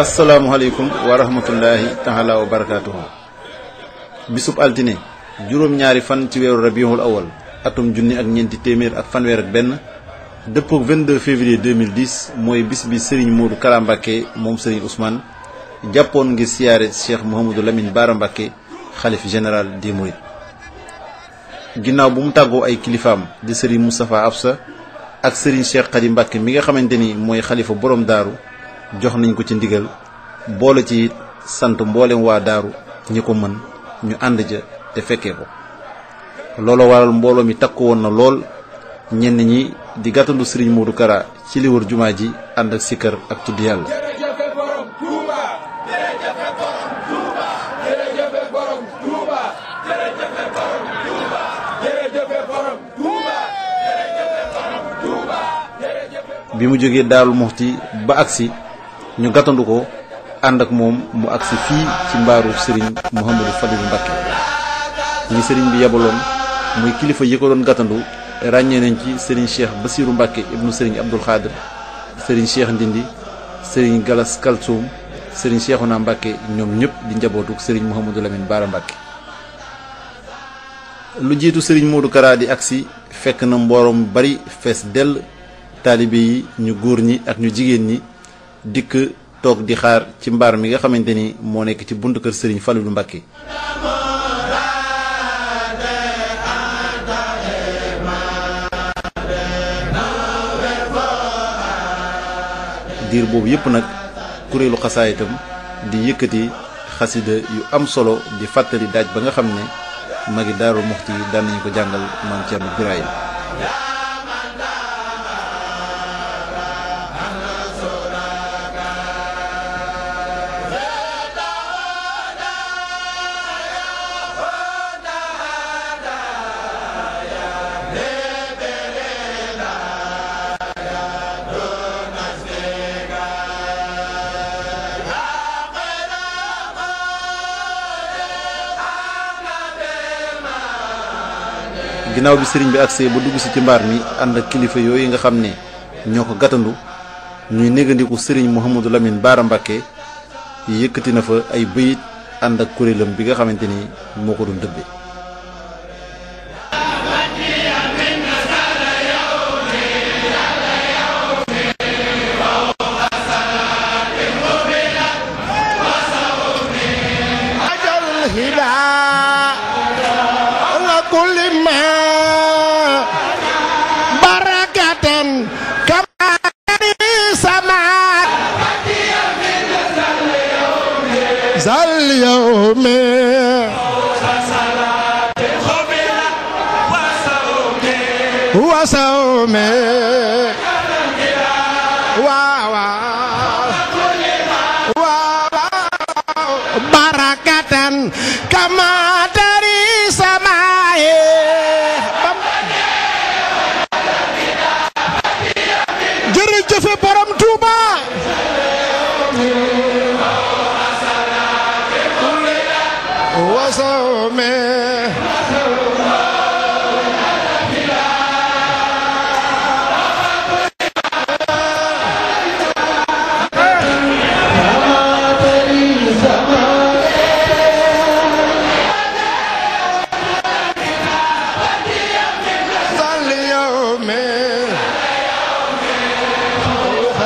asalaamualeykum wa rahmatullahi taala wa barakaatuhu bisub altine juróom-ñaari fan ci weeru rabiul awal atum junni ak ñeenti téeméer ak fanweer ak benn dëppook 22 février 2010 mooy bis bi Serigne Modou Kara Mbacké moom Serigne Ousmane jàppoon ngir siyaare Cheikh Mouhamadou Lamine Bara Mbacké xalif général des Mourides ginnaaw bu mu tàggoo ay kilifaam di Serigne Moustapha Absa ak Serigne Cheikh Khady Mbacké mi nga xamante ni mooy xalifa borom daaru jox nañ ko ci ndigal boole ci sant mboolem waa daaru ñi ko mën ñu ànd ja te fekkee ko looloo waral mbooloo mi takk woon na lool ñenn ñi di gàttandu sëriñ Modou karaa ci li jumaa ji ànd ak sikkar ak tudd yàlla. bi mu jógee Daaru Muxti ba agsi ñu gàttandu ko ànd ak moom mu agsi fii ci mbaaru sëriñ Mouhamadou Fadilou Mbacké ñi sëriñ bi yebaloon muy kilifa yi ko doon gàttandu ràññee nañ ci sëriñ Cheikh Bassirou Mbacké ibnu sëriñ Abdoul Khadir sëriñ Cheikh Ndindi sëriñ Galas Kalsoum sëriñ Cheikhouna Mbacké ñoom ñëpp di njabootu sëriñ Mouhamadou Lamine Bara Mbacké lu jiitu sëriñ Modou Kara di agsi fekk na mboorom bari fees dell taalibe yi ñu góor ñi ak ñu jigéen ñi dikk toog di xaar ci mbaar mi nga xamante ni moo nekk ci buntu kër Serigne Fallou Mbacké diir boobu yépp nag kuréelu xasaayitam di yëkkati xasida yu am solo di fàttali daaj ba nga xam ne magi daaru muxti yi daan ko jàngal maam Thierno Birahim naaw bi sëriñ bi agsee ba dugg si ci mbaar mi ànd ak kilifa yooyu nga xam ne ñoo ko gàttandu ñuy négandiku sëriñ Mouhamadou Lamine Baara Mbàkke yëkkati na fa ay bëyit ànd ak kuréelam bi nga xamante ni moo ko doon dëbbe وصومي وصومي وصومي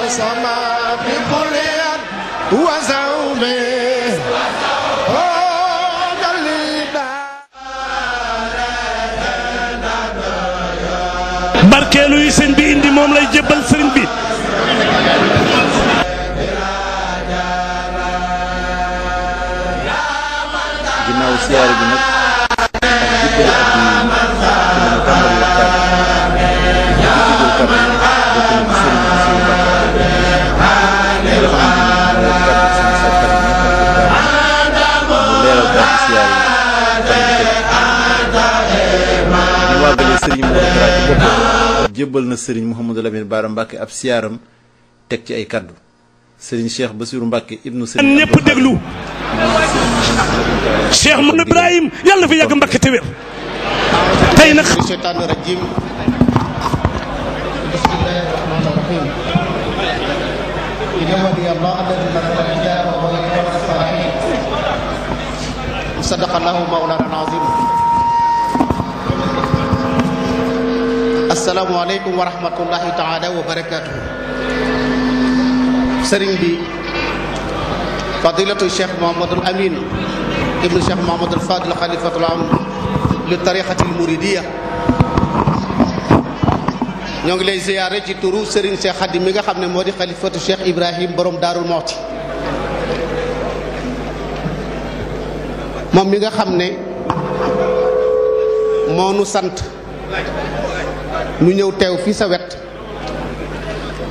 السما بكل وزومه barkeelu yi bi indi moom lay jébbal sëriñ bi spécial na sëriñ Mouhamadou Lamine Bara Mbacke ab siyaaram teg ci ay kàddu Serigne Cheikh Bassirou Mbacke ibnu Serigne ñëpp déglu Cheikh Mouhamadou Ibrahim yàlla fi yàgg Mbacke te tey nag sadaqallahu mawlana al-azim asalaamualeykum wa rahmatullahi taala wa barakatuhu sëriñ bi fadilatu cheikh mohamadul amin ibnu cheikh mohamadul fadil xalifatul am li tariqatil muridiya ñoo ngi lay ziyaare ci turu sëriñ cheikh xadim mi nga xam ne moo di xalifatu cheikh ibrahim borom daarul mawti moom mi nga xam ne moo nu sant nu ñëw teew fii sa wet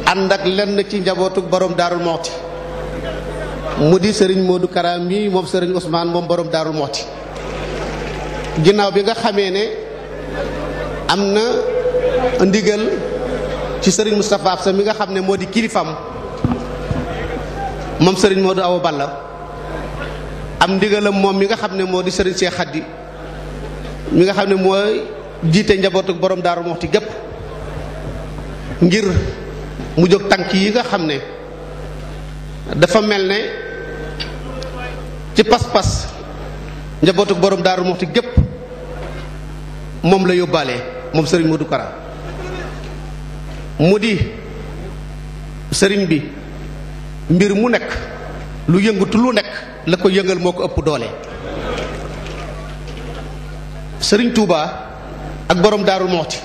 ànd ak lenn ci njabootu borom daarul moxti mu di sëriñ Modou Kara mii moom sëriñ Ousmane moom boroom daarul moxti ginnaaw bi nga xamee ne am na ndigal ci sëriñ Moustapha Absa mi nga xam ne moo di kilifam moom sëriñ Modou Awa Balla am ndigalam moom mi nga xam ne moo di sëriñ Cheikh Khady mi nga xam ne mooy jiite njabootu borom Daaru Muxti gépp ngir mu jóg tànk yi nga xam ne dafa mel ne ci pas-pas njabootu borom Daaru Muxti gépp moom la yóbbaale moom sëriñ Modou Kara mu di sëriñ bi mbir mu nekk lu yëngutu lu nekk la ko yëngal moo ko ëpp doole sëriñ tuuba ak borom Daaru Moxti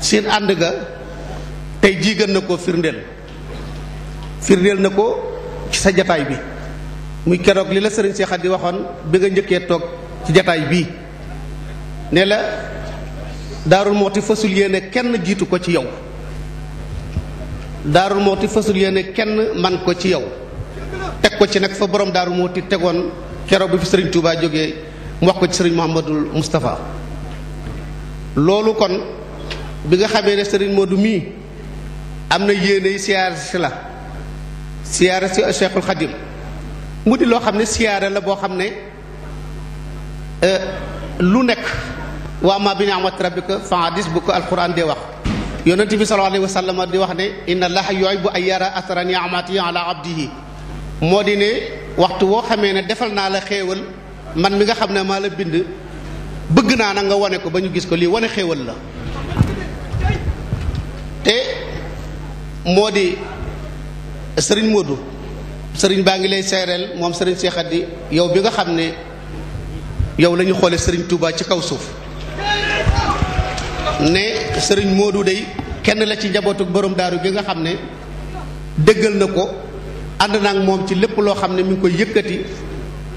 seen ànd ga tey jii gën na ko firndeel firndeel na ko ci sa jataay bi muy keroog li la sëriñ Cheikh Khady waxoon bi nga njëkkee toog ci jataay bi ne la Daaru Moxti fasul yéene kenn jiitu ko ci yow Daaru Moxti fasul yéene kenn man ko ci yow teg ko ci nag fa boroom daaru moo ti tegoon keroog bi fi sëriñ Touba jógee mu wax ko ci sëriñ Mouhamadul Moustapha loolu kon bi nga xamee ne sëriñ Modou mii am na yéene siyaare si la siyaare si Cheikhul mu di loo xam ne siyaare la boo xam ne euh, lu nekk waa ma bi ni'mat rabbika fa hadis bu ko alquran dee wax yonent bi sallallahu alayhi wa sallam di wax ne inna allaha yuhibbu an yara athara ni'matihi ala abdihi moo di ne waxtu woo xamee ne defal naa la xéewal man mi nga xam ne maa la bind bëgg naa na nga wane ko ba ñu gis ko lii wane xéewal la te moo di sëriñ Modou sëriñ baa ngi lay seereel moom sëriñ Cheikh Khady yow bi nga xam ne yow la ñu xoolee sëriñ Touba ci kaw suuf ne sëriñ Modou day kenn la ci njabootu borom daaru bi nga xam ne dëggal na ko ànd naa moom ci lépp loo xam ne mi ngi koy yëkkati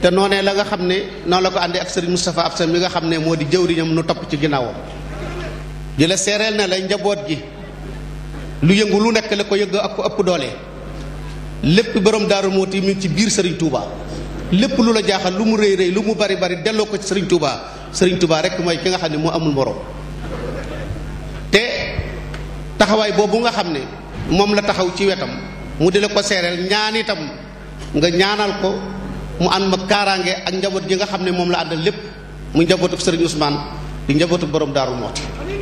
te noonee la nga xam ne noonu la ko àndee ak sëriñ Moustapha Absa mi nga xam ne moo di jëwriñam nu topp ci ginnaawam di la seereel ne la njaboot gi lu yëngu lu nekk la ko yëg ak ko doole lépp borom Daaru Muhti mi ci biir sëriñ Touba lépp lu la jaaxal lu mu rëy rëy lu mu bari bari delloo ko ci sëriñ sëriñ Touba rek mooy ki nga xam ne moo amul morom te taxawaay boobu nga xam ne moom la taxaw ci wetam. mu di ko seereel ñaan itam nga ñaanal ko mu ànd ma kaaraange ak njaboot gi nga xam ne moom la àndal lépp mu njabootu Serigne Ousmane di njabootu borom Daaru Muxti